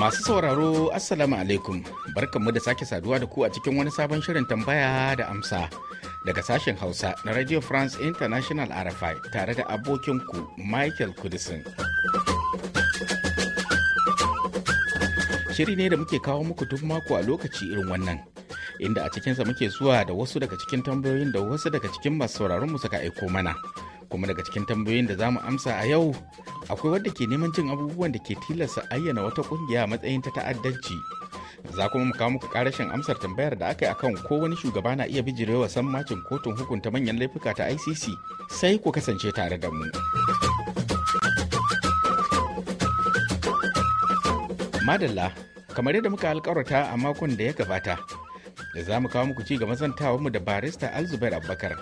Masu sauraro Assalamu alaikum barkanmu da sake saduwa da ku a cikin wani sabon shirin tambaya da amsa daga sashen Hausa na Radio France International RFI tare da abokinku Michael Kudisin. Shiri ne da muke kawo muku duk mako a lokaci irin wannan, inda a cikinsa muke zuwa da wasu daga cikin tambayoyin da wasu daga cikin masu sauraron mu suka aiko mana. Kuma daga cikin tambayoyin da zamu amsa a yau, akwai wadda ke neman jin abubuwan da ke tilasta ayyana wata kungiya a matsayin ta ta'addanci. Za kuma mu kawo muku karashin amsar tambayar da aka yi akan ko wani shugaba na iya bijirewa macin kotun hukunta manyan laifuka ta ICC sai ku kasance tare da mu. madalla kamar yadda muka alkawarta a makon da ya gabata da za mu kawo muku ci gaban mu da barista alzubair abubakar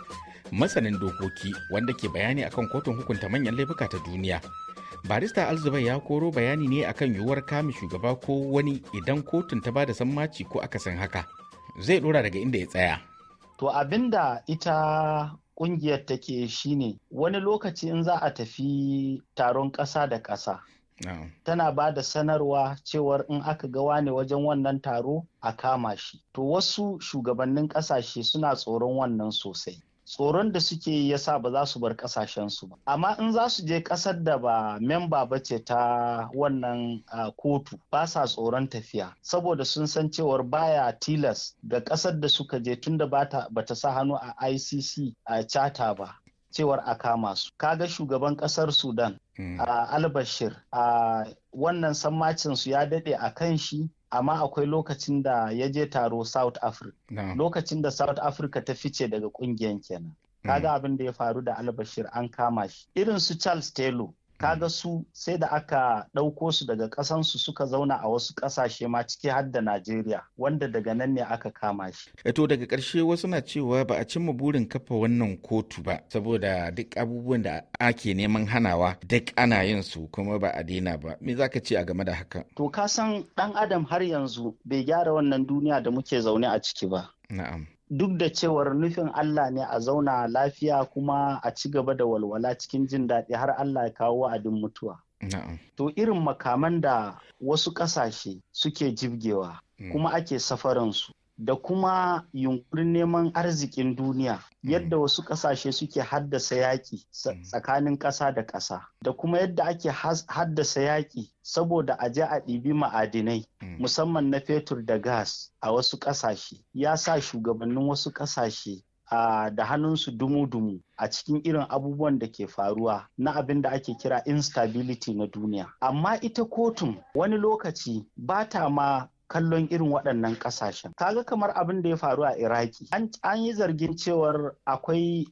masanin dokoki wanda ke bayani akan kotun hukunta manyan laifuka ta duniya barista alzubai ya koro bayani ne akan yiwuwar kame shugaba ko wani idan kotun ta bada sammaci ko akasin haka zai dora daga inda ya tsaya to abinda ita kungiyar take shine wani lokaci in za a tafi taron ƙasa da ƙasa tana ba da sanarwa cewar in aka ga wane wajen wannan taro a kama shi to wasu shugabannin kasashe suna tsoron wannan sosai tsoron da suke ya sa ba za su bar su ba amma in za su je kasar da ba memba ba ce ta wannan kotu ba sa tsoron tafiya saboda sun san cewar baya tilas ga kasar da suka je tunda ba ta sa hannu a icc a chata ba cewar a kama su kaga shugaban kasar sudan mm. a albashir a wannan sammacin su ya dade a kan shi amma akwai lokacin da ya je taro south africa lokacin da south africa ta fice daga kungiyan kenan kaga mm. abin da ya faru da albashir an kama shi irin su charles taylor Ka ga su sai da aka ɗauko su daga ƙasansu suka zauna a wasu ƙasashe ma ciki har da Najeriya wanda daga nan ne aka kama shi. Eh to daga ƙarshe wasu na cewa ba a cimma burin kafa wannan kotu ba saboda duk abubuwan da ake neman hanawa duk ana yin su kuma ba a daina ba. Me za ce a game da haka? To ka san ɗan adam har yanzu bai gyara wannan duniya da muke zaune a ciki ba. Na'am. duk da cewar nufin Allah ne a zauna lafiya kuma a ci gaba da walwala cikin jin daɗi har Allah ya kawo wa'adin mutuwa. To irin makaman da wasu ƙasashe suke jibgewa mm. kuma ake safaransu da kuma yunkurin neman arzikin duniya mm. yadda wasu ƙasashe suke haddasa yaƙi mm. tsakanin ƙasa da ƙasa da kuma yadda ake haddasa yaƙi saboda a je a ɗibi ma'adinai mm. musamman na fetur da gas a wasu ƙasashe ya sa shugabannin wasu ƙasashe da hannunsu dumu-dumu a cikin irin abubuwan da ke faruwa na abin da ake kira instability na duniya. Amma ita kotun wani lokaci ba ta ma kallon irin waɗannan ƙasashen. Kaga kamar abin da ya faru a Iraki. An yi zargin cewar akwai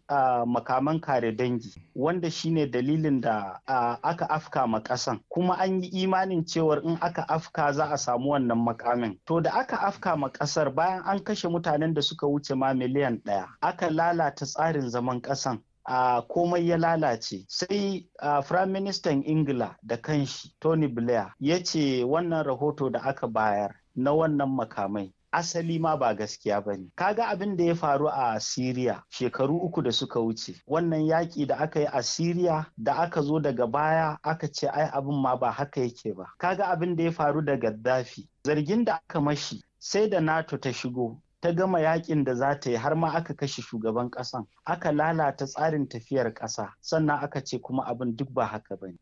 makaman kare dangi wanda shine dalilin da aka afka ma ƙasan. Kuma an yi imanin cewar in aka afka za a samu wannan makamin. To da aka afka ma ƙasar bayan an kashe mutanen da suka wuce ma miliyan ɗaya. Aka lalata tsarin zaman ƙasan. a komai ya lalace sai prime minister ingila da kanshi tony blair ya ce wannan rahoto da aka bayar na wannan makamai asali ma ba gaskiya ba ne. Kaga abin da ya faru a Siriya shekaru uku da suka wuce. Wannan yaƙi da aka yi a Siriya da aka zo daga baya aka ce ai abin ma ba haka yake ba. Kaga abin da ya faru da Gaddafi. Zargin da aka mashi sai da NATO ta shigo ta gama yakin da za ta yi har ma aka kashe shugaban kasan aka lalata tsarin tafiyar kasa sannan aka ce kuma abin duk ba haka bane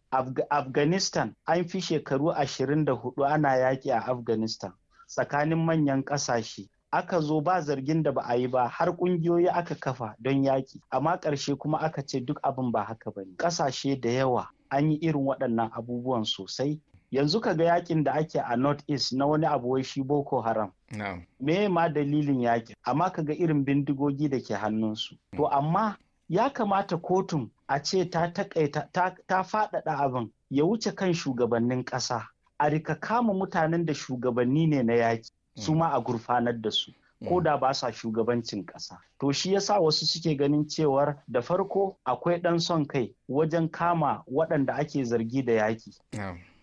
afghanistan an fi shekaru ashirin da hudu ana yaki a afghanistan tsakanin manyan kasashe aka zo ba zargin da ba a yi ba har kungiyoyi aka kafa don yaki amma ƙarshe kuma aka ce duk abin ba haka bane ƙasashe da yawa an yi irin waɗannan abubuwan sosai yanzu ka ga yakin da ake a north east na wani abu wai shi boko haram me ma dalilin yakin amma ka ga irin bindigogi da ke hannunsu to mm. amma ya kamata kotun a ce ta takaita ta faɗaɗa abin ya wuce kan shugabannin ƙasa a rika kama mutanen da shugabanni ne na yaƙi mm. su ma a gurfanar da su ko mm. da ba sa shugabancin ƙasa. To shi yasa wasu suke ganin cewar da farko akwai ɗan son kai wajen kama waɗanda ake zargi da yaƙi.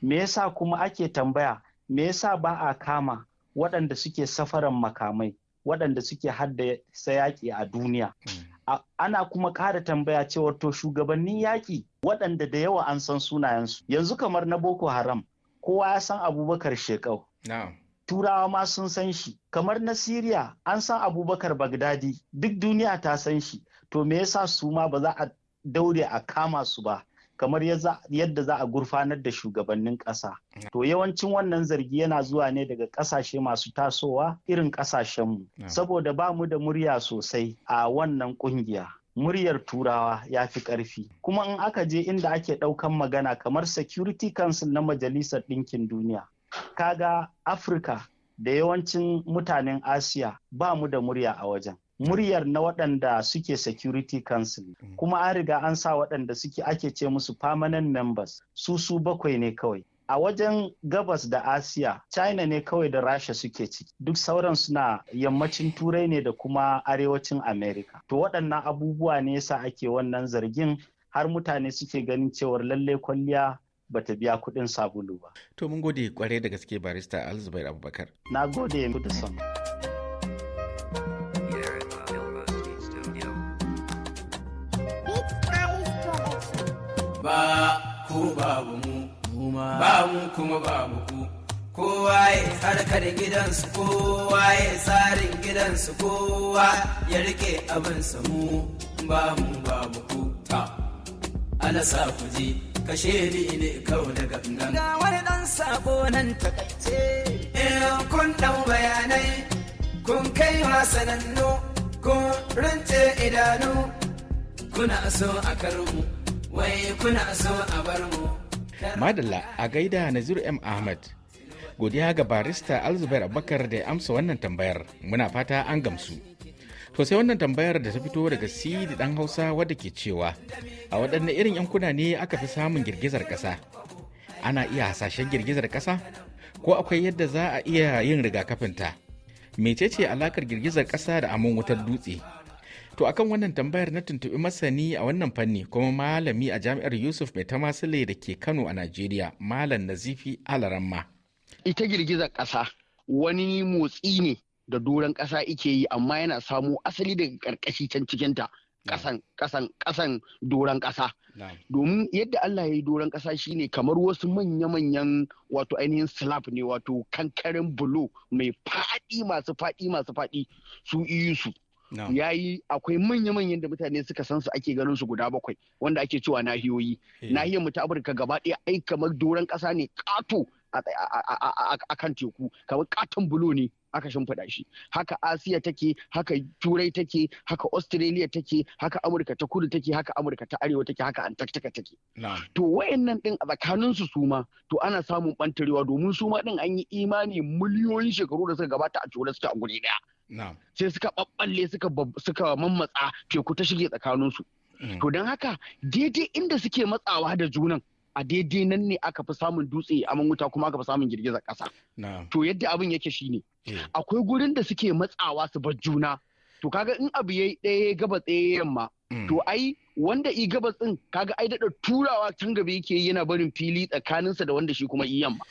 Me yasa kuma ake tambaya me yasa ba a kama waɗanda suke safaran makamai waɗanda suke haddasa yaƙi a duniya. Mm. Ana kuma ƙara tambaya cewa to shugabannin yaƙi waɗanda da yawa an san sunayensu. Yanzu kamar na Boko Haram, kowa ya san Abubakar Shekau. Turawa ma sun san shi. Kamar na Siriya an san Abubakar Bagdadi, duk duniya ta san shi. To me yasa su ma ba za a daure a kama su ba? kamar yadda za a gurfanar da shugabannin ƙasa. To yawancin wannan zargi yana zuwa ne daga ƙasashe masu tasowa irin ƙasashenmu, saboda ba mu da murya sosai a wannan ƙungiya. muryar turawa ya fi ƙarfi kuma in aka je inda ake ɗaukan magana kamar security council na majalisar ɗinkin duniya kaga afirka da yawancin mutanen asiya ba mu da murya a wajen muryar na waɗanda suke security council mm. kuma an riga an sa waɗanda suke ake ce musu permanent members su su bakwai ne kawai a wajen gabas da asiya china ne kawai da rasha suke ciki duk sauran suna yammacin turai ne da kuma arewacin america to waɗannan abubuwa ne yasa ake wannan zargin har mutane suke ganin cewar lalle kwalliya ba ta biya kuɗin sabulu ba to mun gode kwarai da gaske barista alzubair abubakar na gode da sama. ba ku babu mu ba mu kuma babu ku kowa ya harkar gidansu kowa ya tsarin gidansu kowa ya rike abin mu ba mu babu ku ta Ana sa ku ji kashe ni ne kau da gangan ga wani dan sabo nan takaice eh kun dau bayanai kun kai wasanannu kun rance idanu kuna so a karmu wai kuna a bar mu madalla a gaida naziru m ahmad godiya ga barista alzubair abubakar da ya amsa wannan tambayar muna fata an gamsu to sai wannan tambayar da ta fito daga sidi dan hausa wadda ke cewa a waɗanne irin yankuna ne aka fi samun girgizar ƙasa ana iya hasashen girgizar ƙasa ko akwai yadda za a iya yin rigakafinta mecece alakar girgizar ƙasa da amon wutar dutse To akan wannan tambayar na tuntuɓi masani a wannan fanni kuma malami a jami'ar Yusuf mai tamasile da ke Kano a Najeriya, Malam Nazifi Alaramma. Ita girgizar ƙasa wani motsi ne da doron ƙasa ike yi amma yana samo asali daga ƙarƙashi can cikinta. Ƙasan ƙasan ƙasan doron ƙasa. Domin yadda Allah ya yi doron ƙasa shine kamar wasu manya-manyan wato ainihin slab ne wato kankarin bulo mai faɗi masu faɗi masu faɗi su iyu su. ya yi akwai manya-manyan da mutane suka san su ake ganin su guda bakwai wanda ake cewa nahiyoyi eh. nahiyar mu ta afirka gaba ɗaya ai kamar doron ƙasa ne ƙato a kan teku kamar ƙaton bulo ne aka shimfiɗa shi haka asiya take haka turai take haka australia take haka amurka ta kudu take haka amurka ta arewa take haka antarctica take to wayannan din a tsakanin su suma to ana samun bantarewa domin suma din an yi imani miliyoyin shekaru da suka gabata a turai suka a guri daya sai suka ɓaɓɓalle suka mammatsa teku ta shige tsakaninsu mm. to don haka daidai inda suke matsawa da junan a daidai nan ne aka fi samun dutse a wuta kuma aka fi samun girgizar ƙasa to yadda abin yake shine eh. akwai gurin da suke matsawa su bar juna to kaga in abu yayi ɗaya gaba tsaye yamma mm. to ai wanda i gabas ɗin kaga ai daɗa turawa can gaba yake yana barin fili tsakaninsa da wanda shi kuma i yamma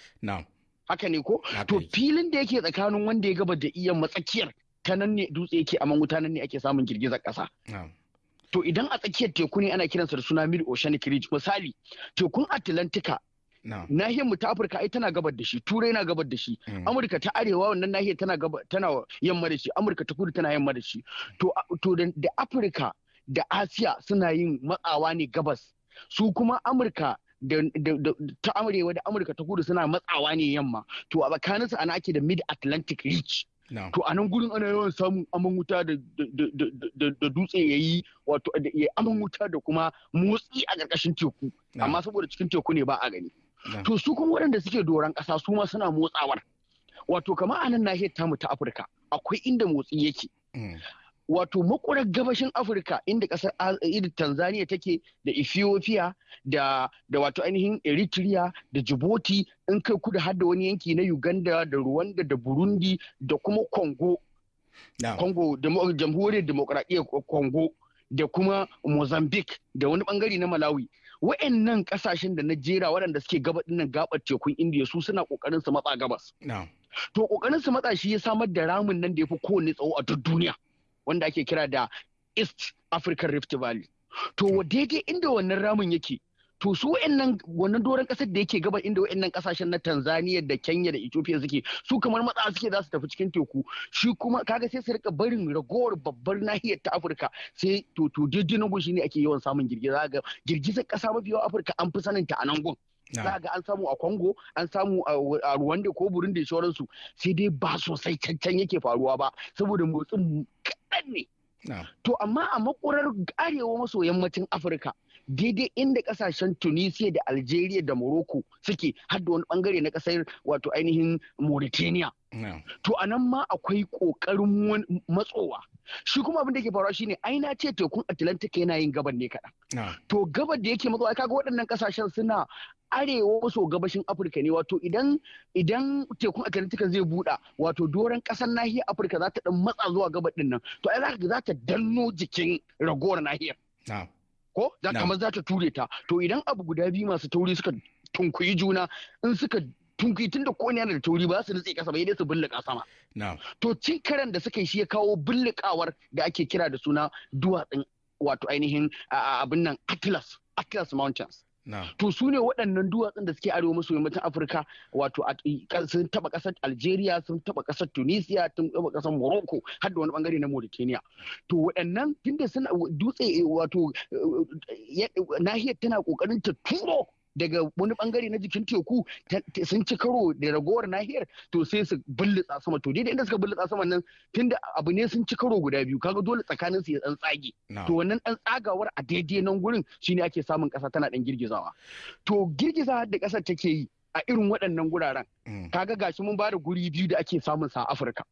haka ne ko to filin da yake tsakanin wanda ya gaba da iyan matsakiyar ta nan ne dutse yake aman wuta nan ne ake samun girgizar ƙasa. To idan a tsakiyar teku ne ana kiransa da suna mid oceanic ridge misali tekun Atlantika nahiyar mu ta Afirka ai tana gabar da shi Turai na gabar da shi mm. Amurka ta arewa wannan nahiyar tana tana yamma da shi Amurka ta kudu tana yamma da shi to to da Afirka da Asiya suna yin matsawa ne gabas su kuma Amurka ta amurewa da amurka ta kudu suna matsawa ne yamma to a tsakaninsu ana ake da mid atlantic ridge to a nan gurin ana yawan samun aman wuta da dutse ya yi wato ya aman wuta da kuma motsi a ƙarƙashin teku amma saboda cikin teku ne ba a gani to su kuma waɗanda suke doron ƙasa su ma suna motsawar wato kama a nan nahiyar tamu ta afirka akwai inda motsi yake mm. wato makurar gabashin afirka inda kasar irin tanzania take da ethiopia da, wato ainihin eritrea da djibouti in kai kudu har da wani yanki na uganda da rwanda da burundi da kuma congo congo jamhuriyar demokradiyyar congo da kuma mozambique da wani bangare na malawi wa'annan kasashen da na jera waɗanda suke gabaɗin gabar tekun indiya su suna ƙoƙarin su matsa gabas to ƙoƙarin su matsa shi ya samar da ramin nan da ya fi kowanne tsawo a duk duniya wanda ake kira da East African Rift Valley. To hmm. daidai inda wannan ramin yake to su wa'annan wannan doron kasar da yake gabar inda wannan kasashen na Tanzania da Kenya da Ethiopia suke su kamar matsa suke za su tafi cikin teku shi kuma kaga sai su rika barin ragowar babbar nahiyar ta Afirka sai to to daidai na gushi shine ake yawan samun girgiza ga girgizar kasa mafi yawan Afirka an fi sanin ta a nan gun za a ga an samu a Congo an samu a Rwanda ko Burundi da sauransu sai dai ba sosai cancan yake faruwa ba saboda motsin kaɗan ne to amma a makurar arewa maso yammacin Afirka daidai inda kasashen Tunisia da Algeria da Morocco suke hadda wani bangare na kasar wato ainihin Mauritania to a nan ma akwai ƙoƙarin matsowa shi kuma abin da yake faruwa shine ai na ce tekun atlantic yana yin gaban ne kaɗan ah. to gabar da yake matsawa kaga waɗannan ƙasashen suna arewa maso gabashin afirka ne wato idan idan tekun atlantika zai buɗa wato doron ƙasar nahiyar afirka za ta ɗan matsa zuwa gabar ɗin nan to ai za ta danno jikin ragowar nahiyar ah. ko za kamar za ta ture ta to idan abu guda biyu masu tauri suka tunkuyi juna in suka tunki tunda ko ne da tauri ba su nutse kasa ba dai su bullaka sama to cin karen da suka yi shi ya kawo bullakawar da ake kira da suna duwatsun wato ainihin abin nan Atlas Atlas Mountains To su ne waɗannan duwatsun da suke arewa maso yammacin Afirka wato sun taɓa ƙasar Algeria sun taɓa ƙasar Tunisia sun taɓa ƙasar Morocco har da wani ɓangare na Mauritania. To waɗannan tunda suna dutse wato nahiyar tana ƙoƙarin ta turo daga wani bangare na jikin teku sun ci karo da ragowar nahiyar to sai su bullitsa sama to daidai inda suka bullitsa sama nan tunda abu ne sun ci karo guda biyu kaga dole tsakanin su ya dan tsage to wannan dan tsagawar a daidai nan gurin shine ake samun kasa tana dan girgizawa to girgiza da kasar take yi a irin waɗannan guraren mm. kaga gashi mun bada guri biyu da ake samun sa a Afirka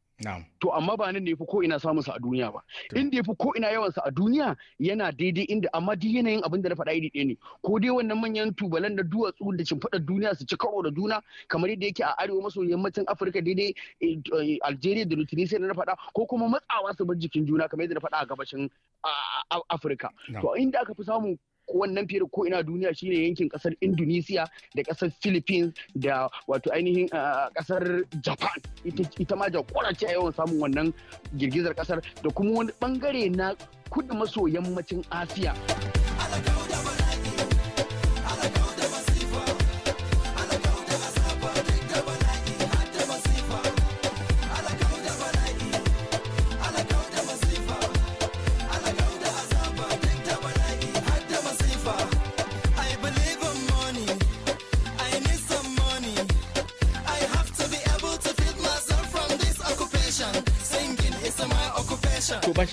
To amma ba nan ne fi ko ina samun sa a duniya ba. Inda ya fi ko ina yawan sa a duniya yana daidai inda amma duk yanayin abin da na faɗa iri ɗaya ne. Ko dai wannan manyan tubalan da duwatsu da shimfiɗar duniya su ci karo da juna kamar yadda yake a arewa maso yammacin Afirka daidai eh, eh, Algeria da Tunisia da na faɗa ko kuma matsawa su bar jikin juna kamar yadda na faɗa a gabashin Afirka. To inda aka fi samun wannan fiye da ko ina duniya shine yankin kasar indonesia da kasar philippines da wato ainihin kasar japan ita ma jagora ce a yawan samun wannan girgizar kasar da kuma wani bangare na kudu maso yammacin asiya.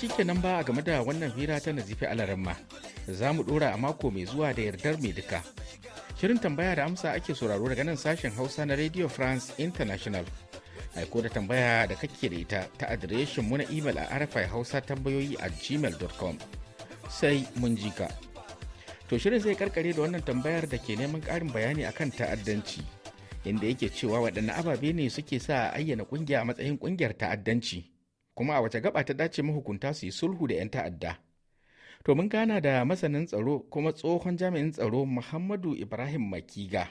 shi kenan ba a game da wannan hira ta nazifi alaramma za mu dora a mako mai zuwa da yardar mai duka shirin tambaya da amsa ake sauraro daga nan sashen hausa na radio france international aiko da tambaya da kake da ita ta adireshin mu na imel a arafai hausa tambayoyi a gmail.com sai mun ji ka to shirin zai karkare da wannan tambayar da ke neman karin bayani akan ta'addanci inda yake cewa waɗanne ababe ne suke sa ayyana kungiya a matsayin kungiyar ta'addanci kuma a wace gaba ta dace mahukunta su yi sulhu da 'yan ta'adda to mun gana da masanin tsaro kuma tsohon jami'in tsaro muhammadu ibrahim makiga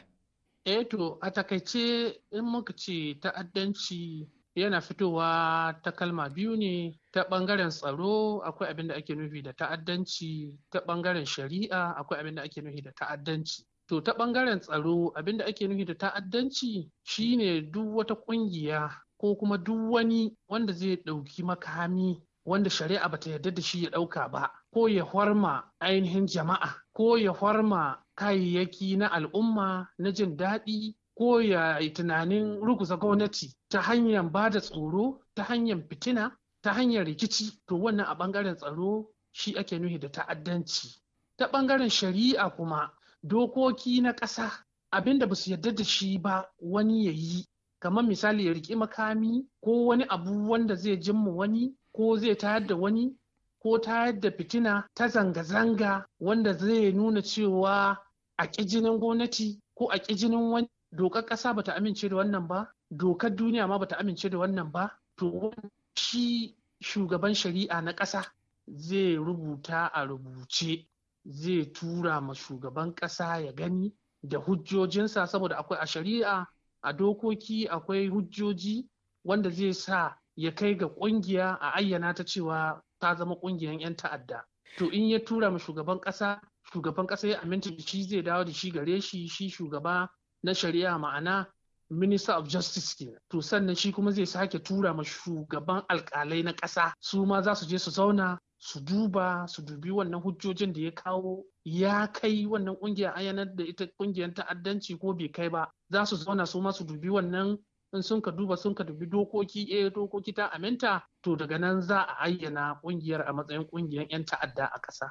eh to a takaice in muka ce ta'addanci yana fitowa ta kalma biyu ne ta bangaren tsaro akwai abin da ake nufi da ta'addanci ta bangaren shari'a akwai abin da ake nufi da ta'addanci to ta ɓangaren tsaro abin da ake nufi da ta'addanci shine duk wata ƙungiya ko kuma duk wani wanda zai ɗauki makami wanda shari'a bata yarda da shi ya ɗauka ba ko ya horma ainihin jama'a ko ya horma kayayyaki na al'umma na jin daɗi ko ya yi tunanin ruguza gwamnati ta hanyar ba da tsoro ta hanyar fitina ta hanyar rikici to wannan a ɓangaren tsaro shi ake nuhi da ta'addanci ta ɓangaren shari'a kuma dokoki na ƙasa Abinda da su yarda da shi ba wani ya yi kamar misali ya riƙi makami ko wani abu wanda zai jimma wani ko zai tayar da wani ko tayar da fitina ta zanga-zanga wanda zai nuna cewa a jinin gwamnati ko a ƙijinin wani dokar ƙasa bata amince da wannan ba dokar duniya ma bata amince da wannan ba to shi shugaban shari'a na ƙasa zai rubuta a rubuce zai tura ma shugaban ƙasa ya gani da hujjojinsa saboda akwai a shari'a a dokoki akwai hujjoji wanda zai sa ya kai ga kungiya a ayyana ta cewa ta zama kungiyan 'yan ta'adda to in ya tura ma shugaban ƙasa, shugaban ƙasa ya aminta da shi zai dawo da shi gare shi shi shugaba na shari'a ma'ana minister of justice ke. to sannan shi kuma zai sake tura ma shugaban alkalai na ƙasa. su ma za su je su zauna su duba su dubi wannan hujjojin da ya kawo ya kai wannan a yanar da ita kungiyar ta'addanci ko bai kai ba za su zauna su ma su dubi wannan in sun ka duba sun ka dubi dokoki eh dokoki ta aminta to daga nan za a ayyana kungiyar a matsayin kungiyar 'yan ta'adda a ƙasa.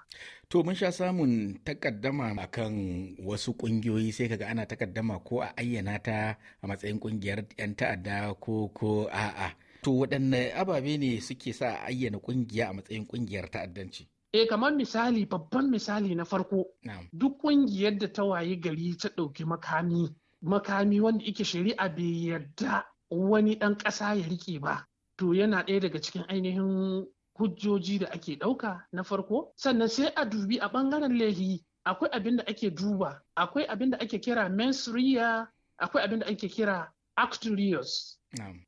To mun sha samun takaddama akan wasu kungiyoyi sai kaga ana takaddama ko a ayyana ta a matsayin kungiyar 'yan ta'adda ko ko a'a. To waɗanne ababe ne suke sa ayyana ƙungiya a matsayin ƙungiyar ta'addanci? E kamar misali babban misali na farko duk ƙungiyar da ta wayi gari ta ɗauki makami makami wanda ike shari'a bai yarda wani ɗan ƙasa ya riƙe ba to yana ɗaya daga cikin ainihin hujjoji da ake ɗauka na farko sannan sai a dubi a ɓangaren lehi akwai abin da ake duba akwai abin da ake kira mensuriya akwai abin da ake kira acturius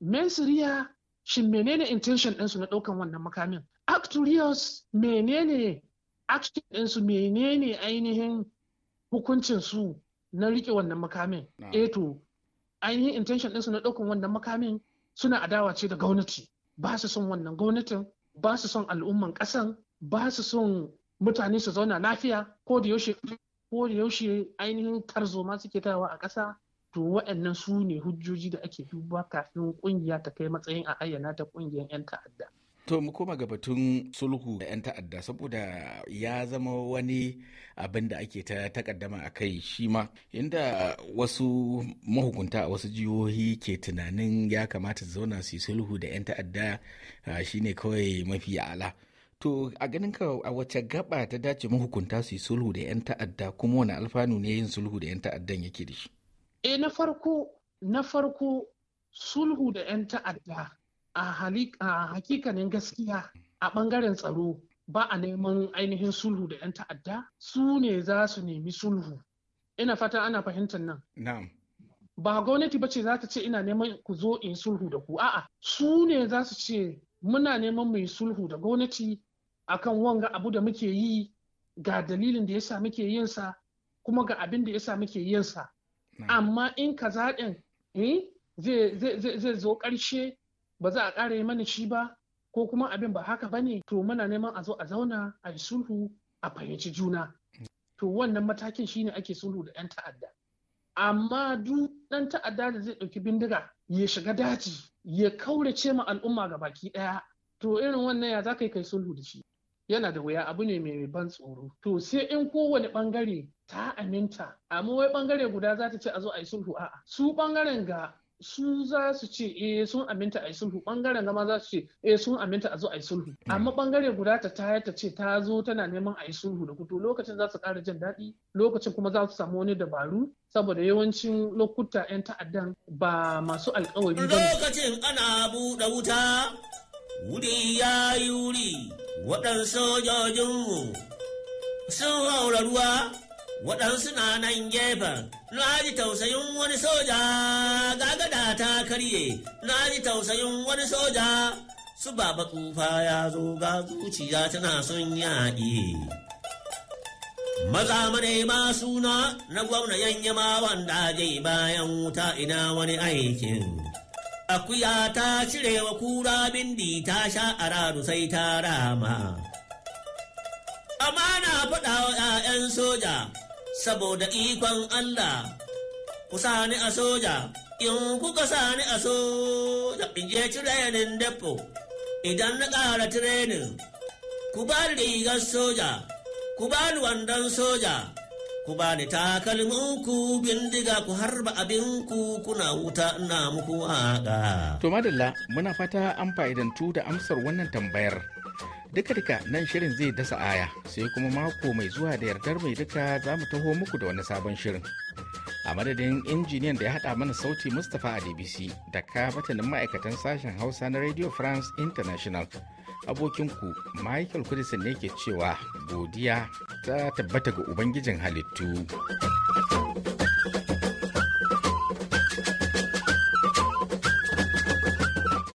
mensuriya shin menene intention ɗinsu na ɗaukan wannan makamin acturius menene action ɗinsu menene ainihin hukuncin su na riƙe wannan makamin eh to ainihin intention ɗinsu na ɗaukan wannan makamin suna adawa ce da gwamnati ba su son wannan gwamnatin ba su son al'umman ƙasan ba su son mutane su zauna lafiya ko da yaushe ko da yaushe ainihin tarzoma suke tawa a ƙasa to waɗannan su ne hujjoji da ake duba kafin ƙungiya ta kai matsayin a ayyana ta ƙungiyar 'yan ta'adda. To mu koma ga batun sulhu da 'yan ta'adda saboda ya zama wani abin da ake ta takaddama a kai shi ma inda wasu mahukunta a wasu jihohi ke tunanin ya kamata zauna su sulhu da 'yan ta'adda shine kawai mafi ala. To a ganin ka a wace gaba ta dace mahukunta su sulhu da 'yan ta'adda kuma wani alfanu ne yin sulhu da 'yan ta'addan yake da shi? E na farko na farko sulhu da 'yan ta'adda a hakikanin gaskiya a ɓangaren tsaro ba a neman ainihin sulhu da 'yan ta'adda su ne za su nemi sulhu ina fata ana fahimtar nan na'am ba gwamnati ba ce za ta ce ina neman ku zo in sulhu da ku a'a su ne za su ce muna neman mai sulhu da gwamnati akan wanga abu da muke yi ga dalilin da ya sa muke yinsa kuma ga abin da ya sa muke yin sa amma in kaza din eh, zai zo ƙarshe ba za a ƙara yi mana shi ba ko kuma abin ba haka ba ne, to muna neman a zo a zauna a yi sulhu a fahimci juna to wannan matakin shine ake sulhu da 'yan ta'adda amma duk ɗan ta'adda da zai ɗauki bindiga ya shiga daji ya kaurace ma al'umma ga baki ɗaya to irin wannan ya za ka yi kai sulhu da shi yana da wuya abu ne mai ban tsoro to sai in kowane bangare ta aminta amma wai bangare guda za ta ce a zo a yi sulhu a'a su bangaren ga su za su ce eh sun aminta a yi sulhu bangaren gama za su ce eh sun aminta a zo a yi sulhu hmm. amma bangare guda ta tayar ta ce ta zo tana neman a yi sulhu da kuto lokacin za su ƙara jin daɗi lokacin kuma za su samu wani dabaru saboda yawancin lokuta 'yan ta'addan ba masu alkawari ba lokacin ana buɗe wuta wuri ya yi wuri waɗansu sojojinmu sun haura ruwa waɗansu na nan gefen na ji tausayin wani soja gagada ta karye na ji tausayin wani soja su baba tsufa ya zo ga zuciya tana son yaƙi maza ma suna na gwamna yanyama wanda je bayan wuta ina wani aikin Akuya ta wa kura bindi ta sha araru sai ta rama. Amana faɗa wa ‘ya'yan soja, saboda ikon Allah, ku sani a soja, in kuka sani a soja, in je tirenin depo, idan na ƙara tirenin, ku ba rigar soja, ku ba wandon soja, ku ba ni takalminku bindiga ku harba abinku kuna wuta na muku haka. To madalla muna fata an fa'idantu da amsar wannan tambayar. Duka duka nan shirin zai dasa aya sai kuma mako mai zuwa da yardar mai duka za mu taho muku da wani sabon shirin. A madadin injiniyan da ya haɗa mana sauti Mustapha a DBC da ka ma'aikatan sashen Hausa na Radio France International. abokinku michael kudisin ne ke cewa godiya ta tabbata ga ubangijin halittu